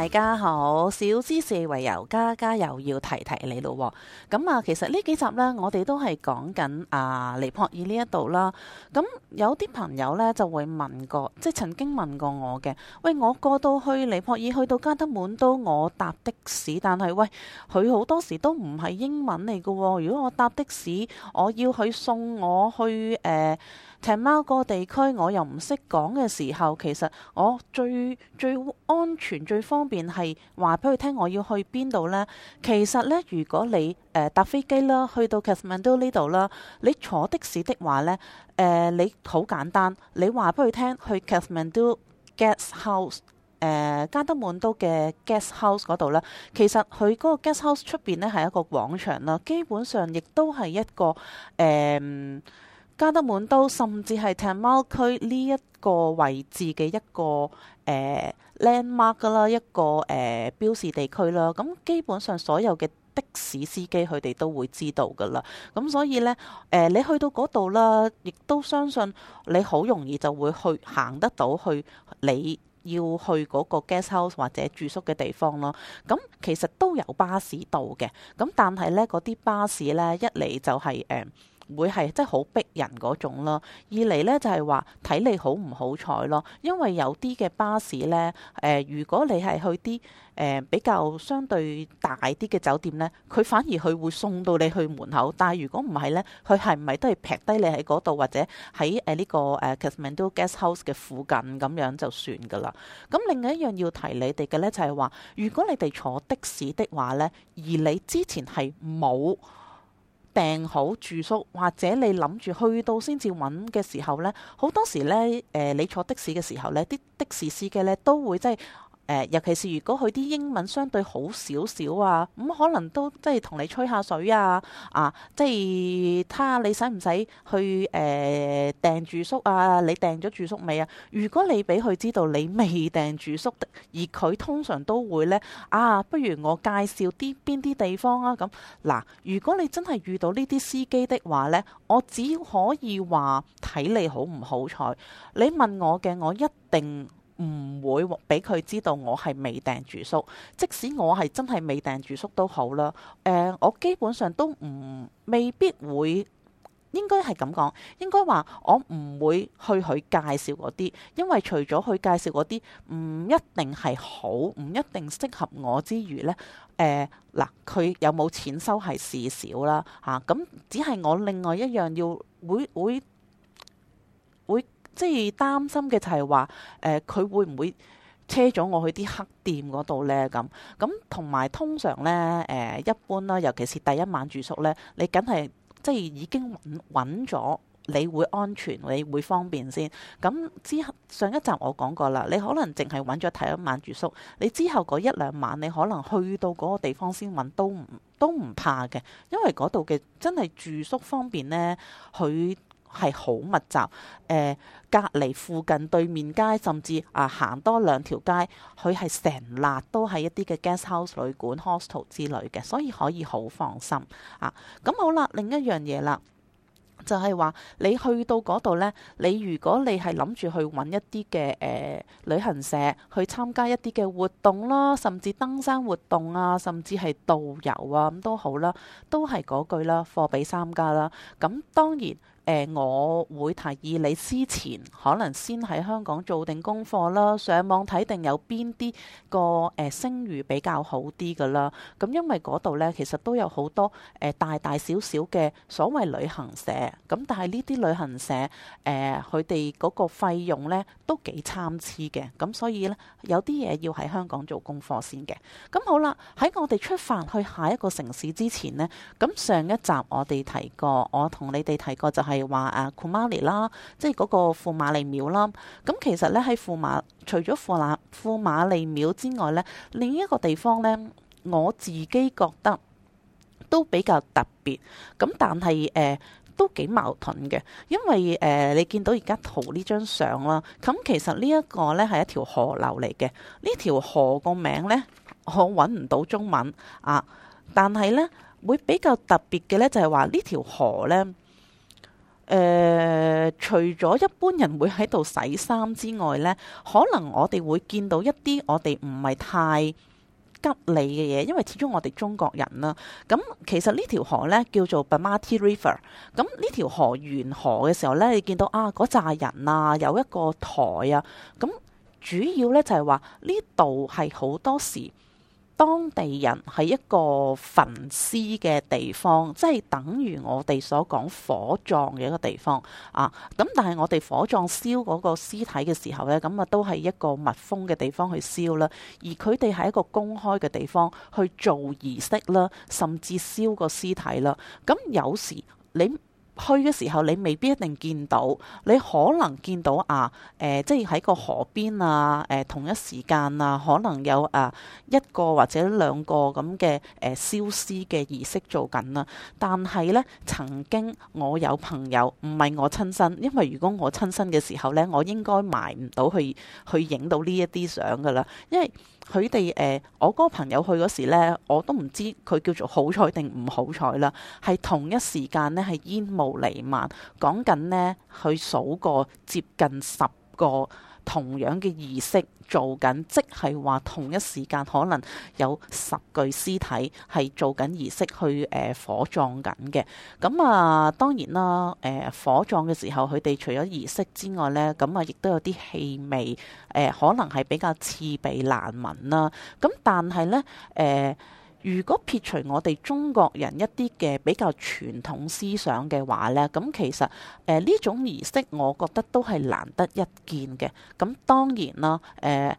大家好，小資四圍遊，家家又要提提你咯。咁、嗯、啊，其實呢幾集呢，我哋都係講緊啊，尼泊爾呢一度啦。咁、嗯、有啲朋友呢，就會問過，即係曾經問過我嘅，喂，我過到去尼泊爾，去到加德滿都，我搭的士，但係喂，佢好多時都唔係英文嚟㗎、哦。如果我搭的士，我要佢送我去誒。呃聽貓個地區我又唔識講嘅時候，其實我最最安全、最方便係話俾佢聽我要去邊度呢？其實呢，如果你誒、呃、搭飛機啦，去到 Kathmandu 呢度啦，你坐的士的話呢，誒、呃、你好簡單，你話俾佢聽去 Kathmandu Guest House 誒、呃、加德滿都嘅 Guest House 嗰度啦。其實佢嗰個 Guest House 出邊呢係一個廣場啦，基本上亦都係一個誒。呃加德滿都甚至係塔貓區呢一個位置嘅一個誒 landmark 啦，呃、Land mark，一個誒、呃、標示地區啦。咁基本上所有嘅的，的士司機佢哋都會知道噶啦。咁所以呢，誒、呃、你去到嗰度啦，亦都相信你好容易就會去行得到去你要去嗰個 guesthouse 或者住宿嘅地方咯。咁其實都有巴士到嘅，咁但係呢，嗰啲巴士呢，一嚟就係、是、誒。呃會係即係好逼人嗰種咯，二嚟呢就係話睇你好唔好彩咯，因為有啲嘅巴士呢，誒、呃、如果你係去啲誒、呃、比較相對大啲嘅酒店呢，佢反而佢會送到你去門口，但係如果唔係呢，佢係唔係都係劈低你喺嗰度或者喺誒呢個誒 Kathmandu Guest House 嘅附近咁樣就算噶啦。咁另外一樣要提你哋嘅呢，就係、是、話，如果你哋坐的士的話呢，而你之前係冇訂好住宿，或者你諗住去到先至揾嘅時候呢，好多時呢，誒、呃、你坐的士嘅時候呢，啲的士司機呢，都會即係。誒、呃，尤其是如果佢啲英文相對好少少啊，咁、嗯、可能都即係同你吹下水啊，啊，即係睇下你使唔使去誒訂、呃、住宿啊？你訂咗住宿未啊？如果你俾佢知道你未訂住宿的，而佢通常都會咧，啊，不如我介紹啲邊啲地方啊咁。嗱，如果你真係遇到呢啲司機的話咧，我只可以話睇你好唔好彩。你問我嘅，我一定。唔會俾佢知道我係未訂住宿，即使我係真係未訂住宿都好啦。誒、呃，我基本上都唔未必會，應該係咁講，應該話我唔會去佢介紹嗰啲，因為除咗佢介紹嗰啲唔一定係好，唔一定適合我之餘呢。誒、呃、嗱，佢有冇錢收係事小啦，嚇、啊，咁只係我另外一樣要會會會。會會即係擔心嘅就係話，誒、呃、佢會唔會車咗我去啲黑店嗰度呢？咁咁同埋通常呢，誒、呃、一般啦，尤其是第一晚住宿呢，你梗係即係已經揾咗，你會安全，你會方便先。咁之後上一集我講過啦，你可能淨係揾咗第一晚住宿，你之後嗰一兩晚，你可能去到嗰個地方先揾都唔都唔怕嘅，因為嗰度嘅真係住宿方便呢，佢。係好密集，誒、呃、隔離附近對面街，甚至啊行多兩條街，佢係成列都係一啲嘅 guest house 旅館、hostel 之類嘅，所以可以好放心啊。咁好啦，另一樣嘢啦，就係、是、話你去到嗰度呢，你如果你係諗住去揾一啲嘅誒旅行社去參加一啲嘅活動啦，甚至登山活動啊，甚至係導遊啊咁都好啦，都係嗰句啦，貨比三家啦。咁當然。誒、呃，我會提議你之前可能先喺香港做定功課啦，上網睇定有邊啲個誒、呃、聲譽比較好啲㗎啦。咁因為嗰度呢，其實都有好多誒、呃、大大小小嘅所謂旅行社。咁但係呢啲旅行社誒，佢哋嗰個費用呢都幾參差嘅。咁所以呢，有啲嘢要喺香港做功課先嘅。咁好啦，喺我哋出發去下一個城市之前呢，咁上一集我哋提過，我同你哋提過就係、是。係話誒庫馬尼啦，即係嗰個庫馬利廟啦。咁其實咧，喺庫馬，除咗庫馬庫馬利廟之外咧，另一個地方咧，我自己覺得都比較特別。咁但係誒、呃、都幾矛盾嘅，因為誒、呃、你見到而家圖呢張相啦，咁其實呢一個咧係一條河流嚟嘅。條呢條河個名咧，我揾唔到中文啊，但係咧會比較特別嘅咧，就係話呢條河咧。誒、呃，除咗一般人會喺度洗衫之外呢，可能我哋會見到一啲我哋唔係太吉利嘅嘢，因為始終我哋中國人啦、啊。咁、嗯、其實呢條河呢叫做 Bamati River、嗯。咁呢條河沿河嘅時候呢，你見到啊嗰扎人啊，有一個台啊。咁、嗯、主要呢就係話呢度係好多時。當地人係一個焚屍嘅地方，即係等於我哋所講火葬嘅一個地方啊。咁但係我哋火葬燒嗰個屍體嘅時候呢，咁、嗯、啊都係一個密封嘅地方去燒啦。而佢哋係一個公開嘅地方去做儀式啦，甚至燒個屍體啦。咁、嗯嗯、有時你，去嘅時候，你未必一定見到，你可能見到啊，誒、呃，即係喺個河邊啊，誒、呃，同一時間啊，可能有啊一個或者兩個咁嘅誒消失嘅儀式做緊啦。但係呢，曾經我有朋友，唔係我親身，因為如果我親身嘅時候呢，我應該埋唔到去去影到呢一啲相㗎啦，因為。佢哋誒，我嗰個朋友去嗰時呢，我都唔知佢叫做好彩定唔好彩啦。係同一時間呢，係煙霧瀰漫，講緊呢，佢數過接近十個。同樣嘅儀式做緊，即係話同一時間可能有十具屍體係做緊儀式去誒、呃、火葬緊嘅。咁啊，當然啦，誒、呃、火葬嘅時候，佢哋除咗儀式之外呢，咁啊，亦都有啲氣味，誒、呃、可能係比較刺鼻難聞啦。咁但係呢。誒、呃。如果撇除我哋中國人一啲嘅比較傳統思想嘅話呢，咁其實誒呢、呃、種儀式，我覺得都係難得一見嘅。咁當然啦，誒、呃，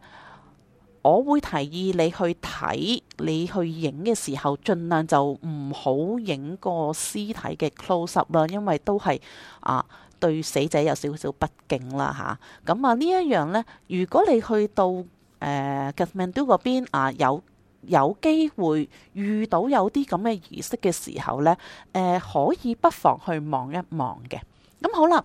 我會提議你去睇、你去影嘅時候，盡量就唔好影個屍體嘅 close up 啦，因為都係啊對死者有少少不敬啦吓，咁啊呢、啊、一樣呢，如果你去到誒加德滿都嗰邊啊，邊啊有。有機會遇到有啲咁嘅儀式嘅時候呢，誒、呃、可以不妨去望一望嘅。咁、嗯、好啦。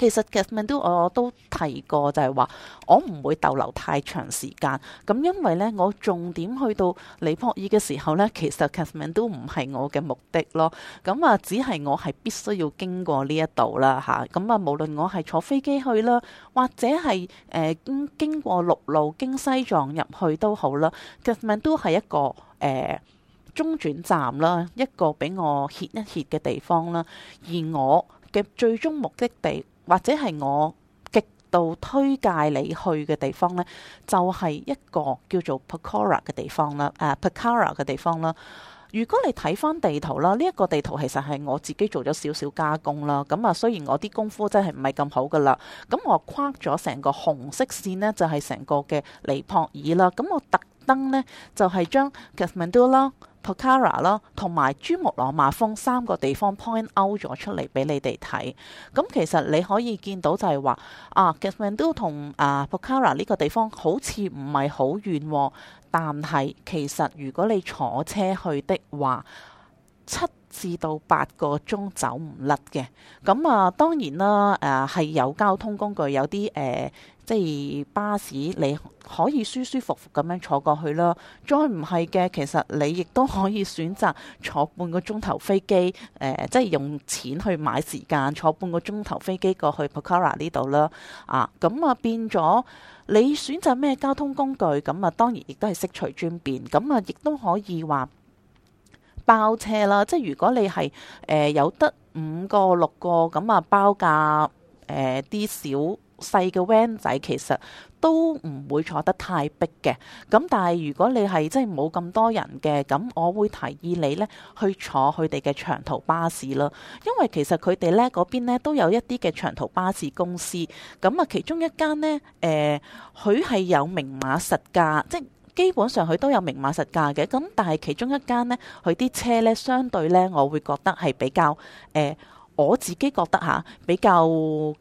其實 Kathmandu 我都提過就，就係話我唔會逗留太長時間。咁因為呢，我重點去到尼泊爾嘅時候呢其實 Kathmandu 都唔係我嘅目的咯。咁啊，只係我係必須要經過呢一度啦，吓，咁啊，無論我係坐飛機去啦，或者係誒經經過陸路經西藏入去都好啦 Kathmandu 都係一個誒、呃、中轉站啦，一個俾我歇一歇嘅地方啦。而我嘅最終目的地。或者係我極度推介你去嘅地方呢，就係、是、一個叫做 Pokhara 嘅地方啦。誒、啊、Pokhara 嘅地方啦。如果你睇翻地圖啦，呢、這、一個地圖其實係我自己做咗少少加工啦。咁啊，雖然我啲功夫真係唔係咁好㗎喇，咁我跨咗成個紅色線呢，就係、是、成個嘅尼泊爾啦。咁我特登呢，就係、是、將 Kathmandu 啦。Pocara 啦，同埋珠穆朗瑪峰三個地方 point out 咗出嚟俾你哋睇。咁、嗯、其實你可以見到就係話啊，Kathmandu 同啊普卡拉呢個地方好似唔係好遠、哦，但係其實如果你坐車去的話，七至到八個鐘走唔甩嘅。咁、嗯、啊當然啦，誒、啊、係有交通工具，有啲誒。呃即巴士，你可以舒舒服服咁樣坐過去啦。再唔係嘅，其實你亦都可以選擇坐半個鐘頭飛機，誒、呃，即係用錢去買時間，坐半個鐘頭飛機過去 Pokhara 呢度啦。啊，咁啊變咗你選擇咩交通工具，咁啊當然亦都係悉隨尊便，咁啊亦都可以話包車啦。即係如果你係誒、呃、有得五個六個，咁啊包價誒啲少。呃細嘅 van 仔其實都唔會坐得太逼嘅，咁但係如果你係真係冇咁多人嘅，咁我會提議你呢去坐佢哋嘅長途巴士啦，因為其實佢哋呢嗰邊呢都有一啲嘅長途巴士公司，咁啊其中一間呢，誒佢係有明碼實價，即係基本上佢都有明碼實價嘅，咁但係其中一間呢，佢啲車呢，相對呢，我會覺得係比較誒。呃我自己覺得嚇比較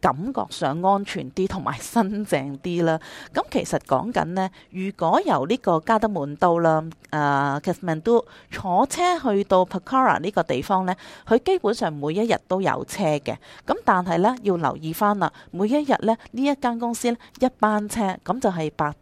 感覺上安全啲同埋新淨啲啦。咁其實講緊呢，如果由呢個加德滿都啦，誒、呃、Kathmandu 坐車去到 Pokhara 呢個地方呢，佢基本上每一日都有車嘅。咁但係呢，要留意翻啦，每一日呢，呢一間公司呢，一班車，咁就係八。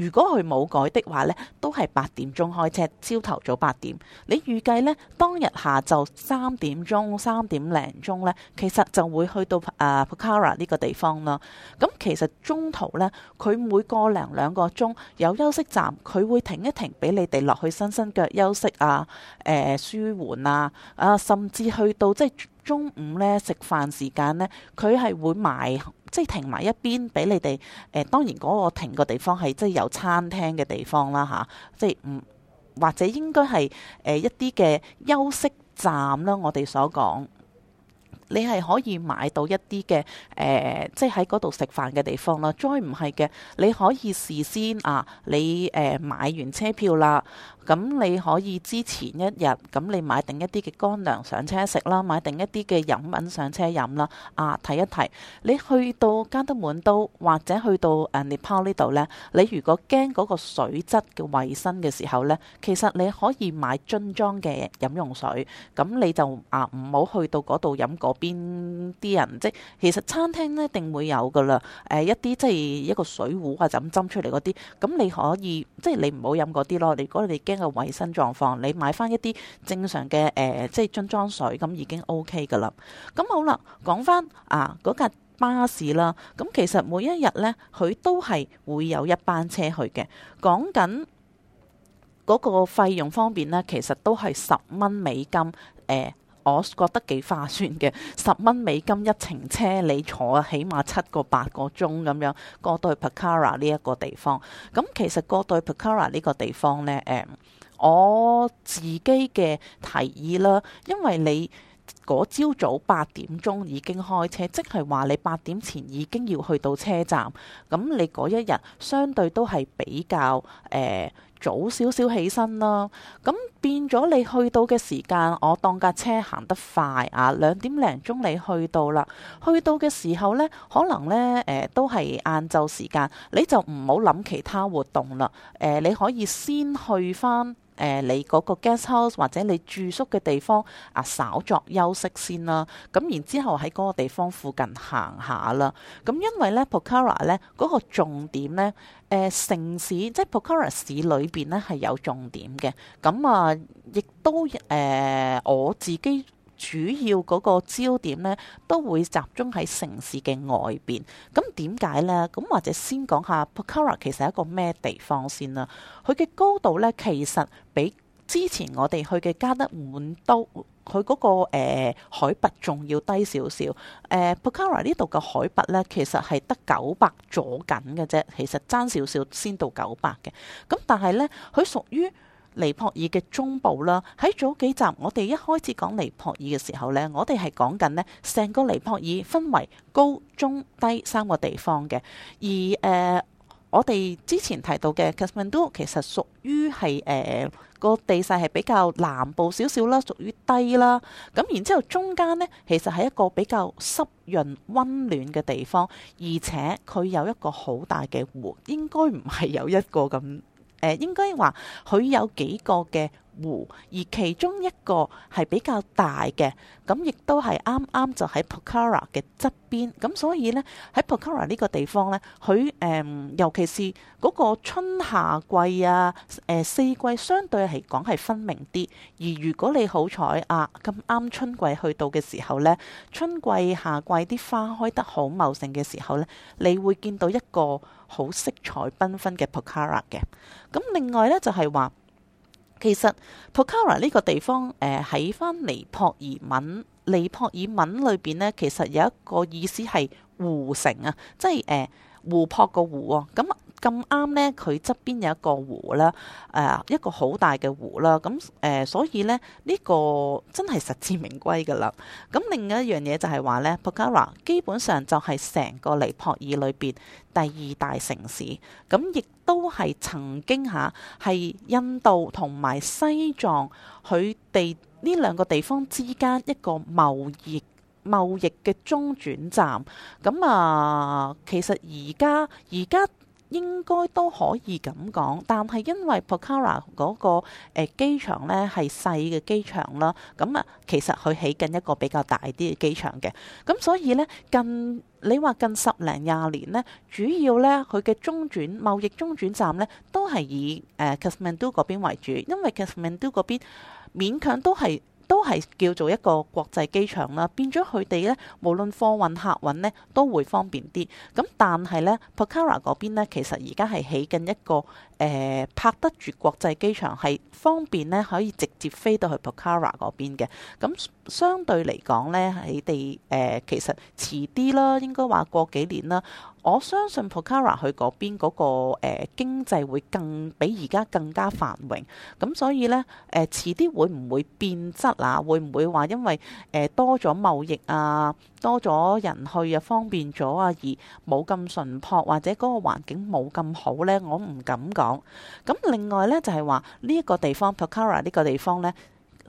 如果佢冇改的話呢，都係八點鐘開車，朝頭早八點。你預計呢，當日下晝三點鐘，三點零鐘呢，其實就會去到啊 Pocara 呢個地方咯。咁其實中途呢，佢每過零兩個鐘有休息站，佢會停一停，俾你哋落去伸伸腳休息啊、誒、呃、舒緩啊啊，甚至去到即係中午呢，食飯時間呢，佢係會埋。即係停埋一邊，俾你哋誒、呃。當然嗰個停個地方係即係有餐廳嘅地方啦，嚇、啊。即係唔或者應該係誒、呃、一啲嘅休息站啦，我哋所講。你係可以買到一啲嘅誒，即係喺嗰度食飯嘅地方啦。再唔係嘅，你可以事先啊，你誒、呃、買完車票啦，咁你可以之前一日，咁你買定一啲嘅乾糧上車食啦，買定一啲嘅飲品上車飲啦。啊，提一提，你去到加德滿都或者去到尼泊爾呢度呢，你如果驚嗰個水質嘅衞生嘅時候呢，其實你可以買樽裝嘅飲用水，咁你就啊唔好去到嗰度飲邊啲人，即其實餐廳一定會有噶啦，誒一啲即係一個水壺啊，就咁斟出嚟嗰啲，咁你可以即係你唔好飲嗰啲咯。如果你哋驚個衞生狀況，你買翻一啲正常嘅誒、呃，即係樽裝水咁已經 OK 噶啦。咁好啦，講翻啊嗰架、那個、巴士啦，咁其實每一日呢，佢都係會有一班車去嘅。講緊嗰個費用方面呢，其實都係十蚊美金誒。呃我覺得幾划算嘅，十蚊美金一程車，你坐起碼七個八個鐘咁樣過到去 Pokhara 呢一個地方。咁、嗯、其實過到 Pokhara 呢個地方呢，誒、嗯，我自己嘅提議啦，因為你嗰朝早八點鐘已經開車，即係話你八點前已經要去到車站。咁、嗯、你嗰一日相對都係比較誒。嗯早少少起身啦，咁變咗你去到嘅時間，我當架車行得快啊，兩點零鐘你去到啦，去到嘅時候呢，可能呢誒、呃、都係晏晝時間，你就唔好諗其他活動啦，誒、呃、你可以先去返。誒、呃，你嗰個 guest house 或者你住宿嘅地方，啊，稍作休息先啦。咁、啊、然之後喺嗰個地方附近行下啦。咁、啊、因為咧 Pokhara 咧嗰、那個重點咧，誒、呃、城市即係 Pokhara 市裏邊咧係有重點嘅。咁啊，亦都誒、呃、我自己。主要嗰個焦點呢，都會集中喺城市嘅外邊。咁點解呢？咁或者先講下 Pukara 其實係一個咩地方先啦。佢嘅高度呢，其實比之前我哋去嘅加德滿都，佢嗰、嗰個、呃、海拔仲要低少少。誒、呃、Pukara 呢度嘅海拔呢，其實係得九百左緊嘅啫。其實爭少少先到九百嘅。咁但係呢，佢屬於。尼泊爾嘅中部啦，喺早幾集我哋一開始講尼泊爾嘅時候呢，我哋係講緊呢成個尼泊爾分為高、中、低三個地方嘅。而誒、呃，我哋之前提到嘅加德滿都其實屬於係誒個地勢係比較南部少少啦，屬於低啦。咁然之後中間呢，其實係一個比較濕潤、溫暖嘅地方，而且佢有一個好大嘅湖，應該唔係有一個咁。誒，應該話佢有幾個嘅湖，而其中一個係比較大嘅，咁亦都係啱啱就喺 Pokhara 嘅側邊。咁所以呢，喺 Pokhara 呢個地方呢，佢誒、呃、尤其是嗰個春夏季啊，誒、呃、四季相對嚟講係分明啲。而如果你好彩啊，咁啱春季去到嘅時候呢，春季夏季啲花開得好茂盛嘅時候呢，你會見到一個好色彩繽紛嘅 Pokhara 嘅。咁，另外咧就係、是、話，其實 Pokhara 呢個地方誒，喺、呃、翻尼泊爾文，尼泊爾文裏邊咧其實有一個意思係湖城啊，即係誒、呃、湖泊個湖喎、啊、咁。嗯咁啱呢，佢側邊有一個湖啦，誒、呃、一個好大嘅湖啦。咁誒、呃，所以呢，呢、這個真係實至名歸嘅啦。咁另一樣嘢就係話呢 Pokhara 基本上就係成個尼泊爾裏邊第二大城市。咁亦都係曾經嚇係、啊、印度同埋西藏佢哋呢兩個地方之間一個貿易貿易嘅中轉站。咁啊、呃，其實而家而家。應該都可以咁講，但係因為 Pokhara 嗰、那個誒、呃、機場咧係細嘅機場啦，咁、嗯、啊其實佢起緊一個比較大啲嘅機場嘅，咁、嗯、所以呢，近你話近十零廿年呢，主要呢，佢嘅中轉貿易中轉站呢都係以誒、呃、Kathmandu 嗰邊為主，因為 Kathmandu 嗰邊勉強都係。都係叫做一個國際機場啦，變咗佢哋咧，無論貨運客運咧都會方便啲。咁但係咧，Pokhara 嗰邊咧，其實而家係起緊一個誒、呃、拍得住國際機場，係方便咧可以直接飛到去 Pokhara 嗰邊嘅。咁、嗯相對嚟講呢你哋誒、呃，其實遲啲啦，應該話過幾年啦。我相信 Pokhara 去嗰邊嗰個誒、呃、經濟會更比而家更加繁榮。咁所以呢，誒、呃，遲啲會唔會變質啊？會唔會話因為誒、呃、多咗貿易啊，多咗人去又、啊、方便咗啊，而冇咁純樸，或者嗰個環境冇咁好呢？我唔敢講。咁另外呢，就係話呢一個地方 Pokhara 呢個地方呢。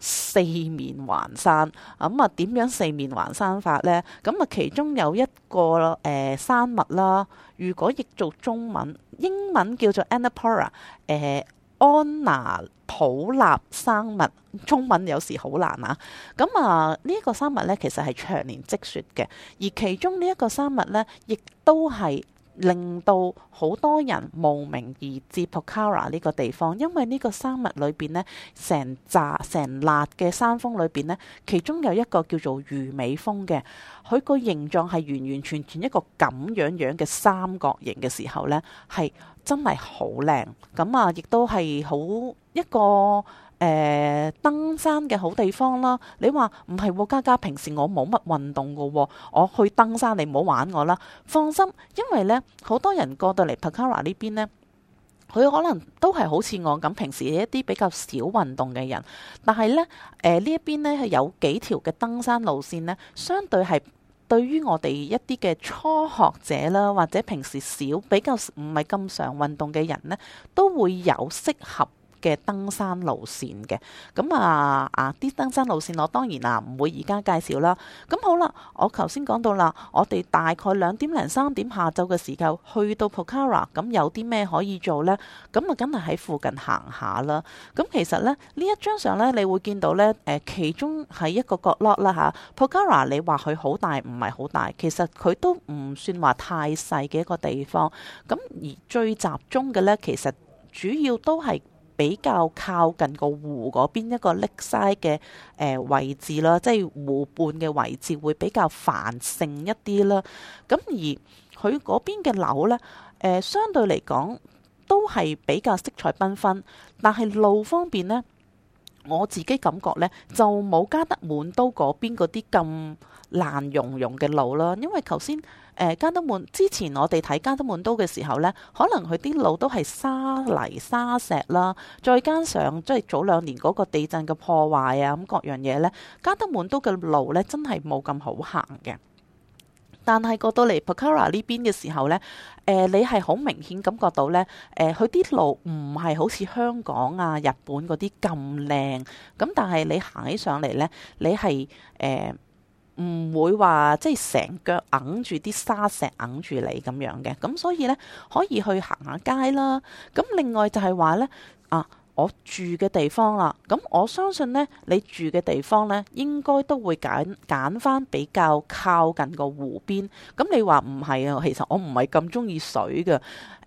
四面環山，咁、嗯、啊點樣四面環山法呢？咁、嗯、啊其中有一個誒山脈啦，如果譯做中文，英文叫做 Annapurna、呃、安娜普納山脈。中文有時好難啊！咁、嗯、啊呢一、這個山脈呢，其實係長年積雪嘅，而其中呢一個山脈呢，亦都係。令到好多人慕名而至普卡拉呢個地方。因為呢個山脈裏邊咧，成扎成辣嘅山峰裏邊咧，其中有一個叫做魚尾峰嘅，佢個形狀係完完全全一個咁樣樣嘅三角形嘅時候咧，係真係好靚，咁啊，亦都係好一個。誒、呃、登山嘅好地方啦！你話唔係喎，家家平時我冇乜運動嘅喎、哦，我去登山你唔好玩我啦。放心，因為呢，好多人過到嚟 Pokhara 呢邊呢，佢可能都係好似我咁平時一啲比較少運動嘅人，但係呢，誒呢一邊呢，係有幾條嘅登山路線呢，相對係對於我哋一啲嘅初學者啦，或者平時少比較唔係咁常運動嘅人呢，都會有適合。嘅登山路線嘅，咁啊啊啲登山路線，我當然啊唔會而家介紹啦。咁好啦，我頭先講到啦，我哋大概兩點零三點下晝嘅時候去到 Pocara、ok、咁有啲咩可以做呢？咁啊，梗係喺附近行下啦。咁其實呢，呢一張相呢，你會見到呢，誒、呃，其中喺一個角落啦吓、啊、Pocara、ok、你話佢好大？唔係好大，其實佢都唔算話太細嘅一個地方。咁而最集中嘅呢，其實主要都係。比較靠近個湖嗰邊一個拎曬嘅誒位置啦，即係湖畔嘅位置會比較繁盛一啲啦。咁而佢嗰邊嘅樓呢，誒、呃、相對嚟講都係比較色彩繽紛，但係路方面呢，我自己感覺呢，就冇加德滿都嗰邊嗰啲咁爛茸茸嘅路啦，因為頭先。誒、呃、加德滿之前我哋睇加德滿都嘅時候呢，可能佢啲路都係沙泥沙石啦，再加上即係早兩年嗰個地震嘅破壞啊，咁各樣嘢呢，加德滿都嘅路呢真係冇咁好行嘅。但係過到嚟 Pokhara 呢邊嘅時候呢，誒、呃、你係好明顯感覺到呢，誒，佢啲路唔係好似香港啊、日本嗰啲咁靚，咁但係你行起上嚟呢，你係誒。呃唔會話即係成腳揞住啲沙石揞住你咁樣嘅，咁所以呢，可以去行下街啦。咁另外就係話呢，啊，我住嘅地方啦，咁我相信呢，你住嘅地方呢，應該都會揀揀翻比較靠近個湖邊。咁你話唔係啊？其實我唔係咁中意水嘅。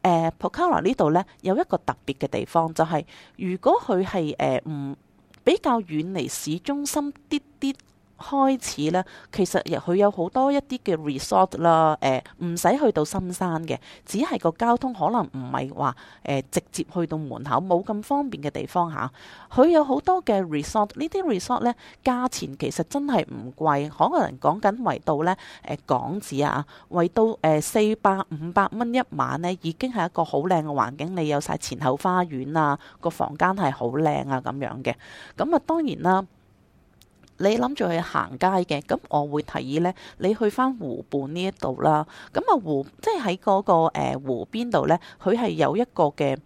誒，普卡拉呢度呢，有一個特別嘅地方，就係、是、如果佢係誒唔比較遠離市中心啲啲。點點點開始咧，其實亦佢有好多一啲嘅 resort 啦，誒唔使去到深山嘅，只係個交通可能唔係話誒直接去到門口冇咁方便嘅地方嚇。佢、啊、有好多嘅 resort，res 呢啲 resort 咧，價錢其實真係唔貴，可能講緊維到咧誒、呃、港紙啊，維到誒四百五百蚊一晚呢，已經係一個好靚嘅環境，你有晒前後花園啊，個房間係好靚啊咁樣嘅。咁啊當然啦。你諗住去行街嘅，咁我會提議咧，你去翻湖畔呢一度啦。咁啊湖，即係喺嗰個湖邊度呢，佢係有一個嘅，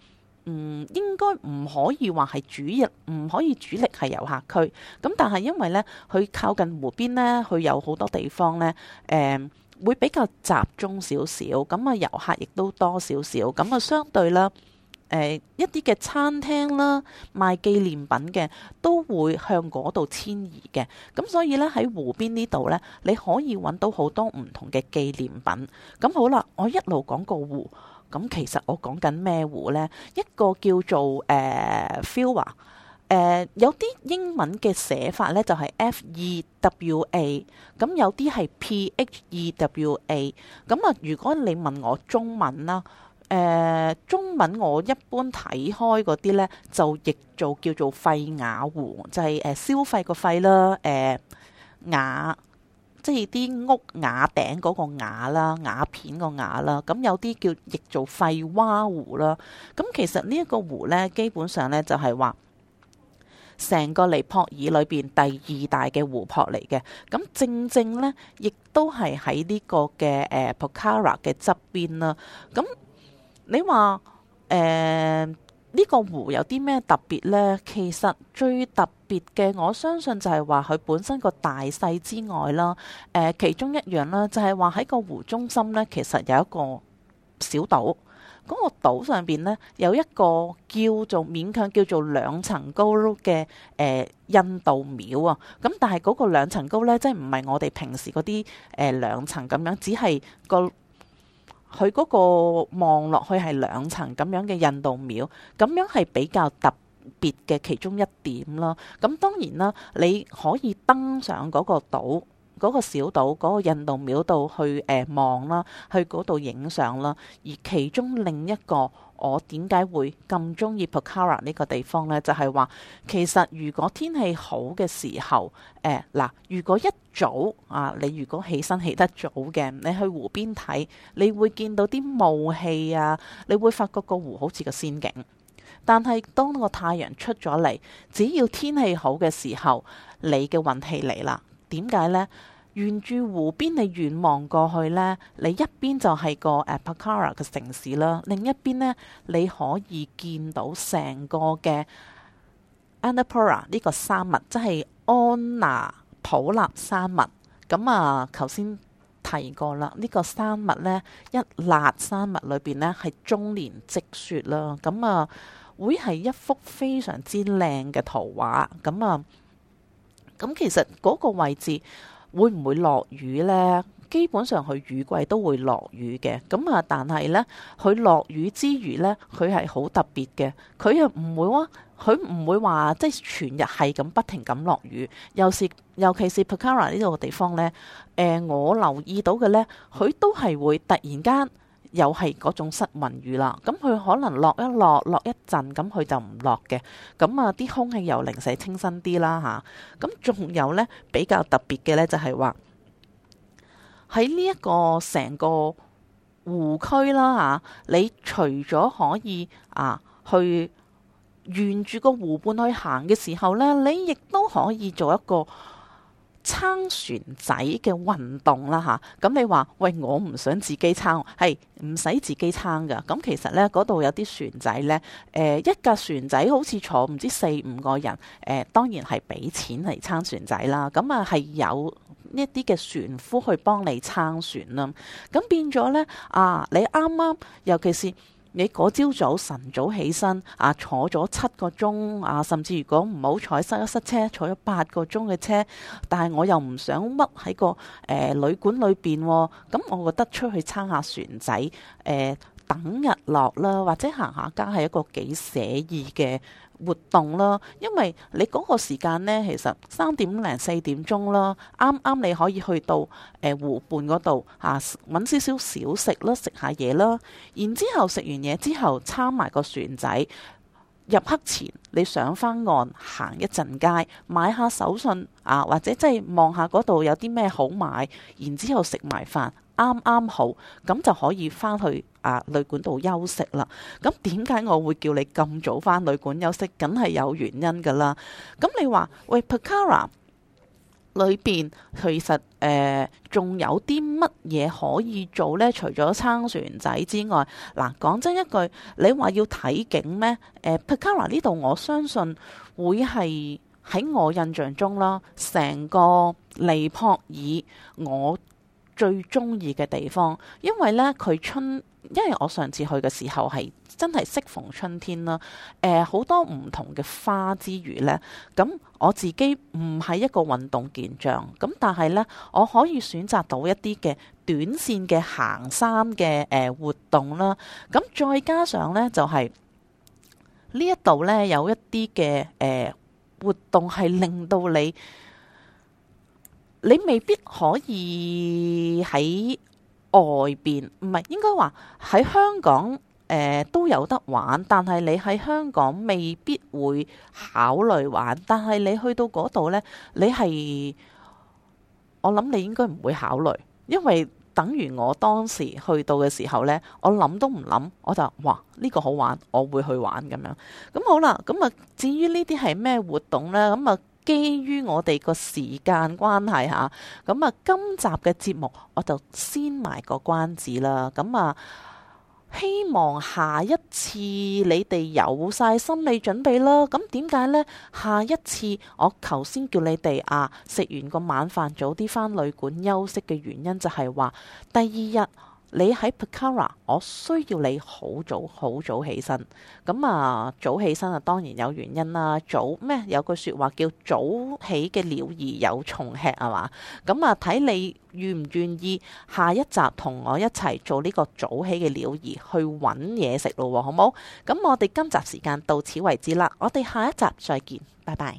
嗯，應該唔可以話係主力，唔可以主力係遊客區。咁但係因為呢，佢靠近湖邊呢，佢有好多地方呢誒、嗯、會比較集中少少，咁啊遊客亦都多少少，咁啊相對啦。誒、哎、一啲嘅餐廳啦，賣紀念品嘅都會向嗰度遷移嘅，咁所以呢，喺湖邊呢度呢，你可以揾到好多唔同嘅紀念品。咁好啦，我一路講個湖，咁其實我講緊咩湖呢？一個叫做誒、呃、Fewa 誒、呃、有啲英文嘅寫法呢就係、是、FEWA，、e、咁有啲係 PHEWA 咁啊，如果你問我中文啦。誒、呃、中文我一般睇開嗰啲呢，就譯做叫做費瓦湖，就係、是、誒、呃、消費廢、呃、個費啦，誒瓦即係啲屋瓦頂嗰個瓦啦，瓦片個瓦啦。咁有啲叫譯做費瓦湖啦。咁其實呢一個湖呢，基本上呢，就係話成個尼泊爾裏邊第二大嘅湖泊嚟嘅。咁正正呢，亦都係喺呢個嘅誒、呃、Pokhara 嘅側邊啦。咁你話誒呢個湖有啲咩特別呢？其實最特別嘅，我相信就係話佢本身個大細之外啦。誒、呃、其中一樣啦，就係話喺個湖中心呢，其實有一個小島。咁、嗰個島上邊呢，有一個叫做勉強叫做兩層高嘅誒、呃、印度廟啊。咁但係嗰個兩層高呢，真係唔係我哋平時嗰啲誒兩層咁樣，只係個。佢嗰、嗰個望落去係兩層咁樣嘅印度廟，咁樣係比較特別嘅其中一點咯。咁當然啦，你可以登上嗰個島。嗰個小島，嗰個印度廟度去誒望啦，去嗰度影相啦。而其中另一個，我點解會咁中意 Pokhara 呢個地方呢？就係話其實如果天氣好嘅時候，誒嗱，如果一早啊，你如果起身起得早嘅，你去湖邊睇，你會見到啲霧氣啊，你會發覺個湖好似個仙境。但係當個太陽出咗嚟，只要天氣好嘅時候，你嘅運氣嚟啦。點解呢？沿住湖邊，你遠望過去呢，你一邊就係個誒 a r a 嘅城市啦，另一邊呢，你可以見到成個嘅安大普拉呢個山脈，即係安娜普拉山脈。咁啊，頭先提過啦，呢、這個山脈呢，一勒山脈裏邊呢，係中年積雪啦。咁啊，會係一幅非常之靚嘅圖畫。咁啊。咁其實嗰個位置會唔會落雨呢？基本上佢雨季都會落雨嘅。咁啊，但係呢，佢落雨之餘呢，佢係好特別嘅。佢又唔會啊，佢唔會話即係全日係咁不停咁落雨。又是尤其是 Pokhara 呢個地方呢，誒、呃，我留意到嘅呢，佢都係會突然間。又係嗰種失魂雨啦，咁佢可能落一落，落一陣，咁佢就唔落嘅。咁啊，啲空氣又零舍清新啲啦吓，咁仲有呢，比較特別嘅呢，就係話喺呢一個成個湖區啦吓，你除咗可以啊去沿住個湖畔去行嘅時候呢，你亦都可以做一個，撐船仔嘅運動啦吓，咁、啊嗯、你話喂，我唔想自己撐，係唔使自己撐㗎。咁、嗯、其實呢，嗰度有啲船仔呢，誒、呃、一架船仔好似坐唔知四五個人，誒、呃、當然係俾錢嚟撐船仔啦。咁啊係有一啲嘅船夫去幫你撐船啦。咁、啊、變咗呢，啊，你啱啱尤其是。你嗰朝早晨早起身啊，坐咗七個鐘啊，甚至如果唔好彩塞一塞車，坐咗八個鐘嘅車，但係我又唔想屈喺個誒、呃、旅館裏邊，咁、啊啊、我覺得出去撐下船仔誒。呃等日落啦，或者行下街係一個幾寫意嘅活動啦，因為你嗰個時間咧，其實三點零四點鐘啦，啱啱你可以去到誒、呃、湖畔嗰度嚇，揾少少小食啦，食下嘢啦，然之後食完嘢之後，撐埋個船仔。入黑前，你上翻岸行一陣街，買下手信啊，或者即係望下嗰度有啲咩好買，然之後食埋飯，啱啱好，咁就可以翻去啊旅館度休息啦。咁點解我會叫你咁早翻旅館休息？梗係有原因㗎啦。咁、啊、你話，喂，Pekara。裏邊其實誒仲、呃、有啲乜嘢可以做呢？除咗撐船仔之外，嗱講真一句，你話要睇景咩？誒，Pokhara 呢度我相信會係喺我印象中啦，成個尼泊爾我最中意嘅地方，因為呢，佢春。因為我上次去嘅時候係真係適逢春天啦，誒、呃、好多唔同嘅花之餘呢，咁、嗯、我自己唔係一個運動健將，咁、嗯、但係呢，我可以選擇到一啲嘅短線嘅行山嘅誒、呃、活動啦，咁、嗯、再加上呢，就係、是、呢一度呢有一啲嘅誒活動係令到你你未必可以喺外邊唔係應該話喺香港誒、呃、都有得玩，但係你喺香港未必會考慮玩。但係你去到嗰度呢，你係我諗你應該唔會考慮，因為等於我當時去到嘅時候呢，我諗都唔諗，我就話呢、呢個好玩，我會去玩咁樣。咁好啦，咁啊至於呢啲係咩活動呢？咁啊～基於我哋個時間關係吓，咁啊今集嘅節目我就先埋個關子啦。咁啊，希望下一次你哋有晒心理準備啦。咁點解呢？下一次我頭先叫你哋啊，食完個晚飯早啲返旅館休息嘅原因就係話第二日。你喺 Pokhara，我需要你好早好早起身。咁啊，早起身啊，當然有原因啦。早咩？有句說話叫早起嘅鳥兒有蟲吃，係嘛？咁啊，睇你願唔願意下一集同我一齊做呢個早起嘅鳥兒去揾嘢食咯，好冇？咁我哋今集時間到此為止啦，我哋下一集再見，拜拜。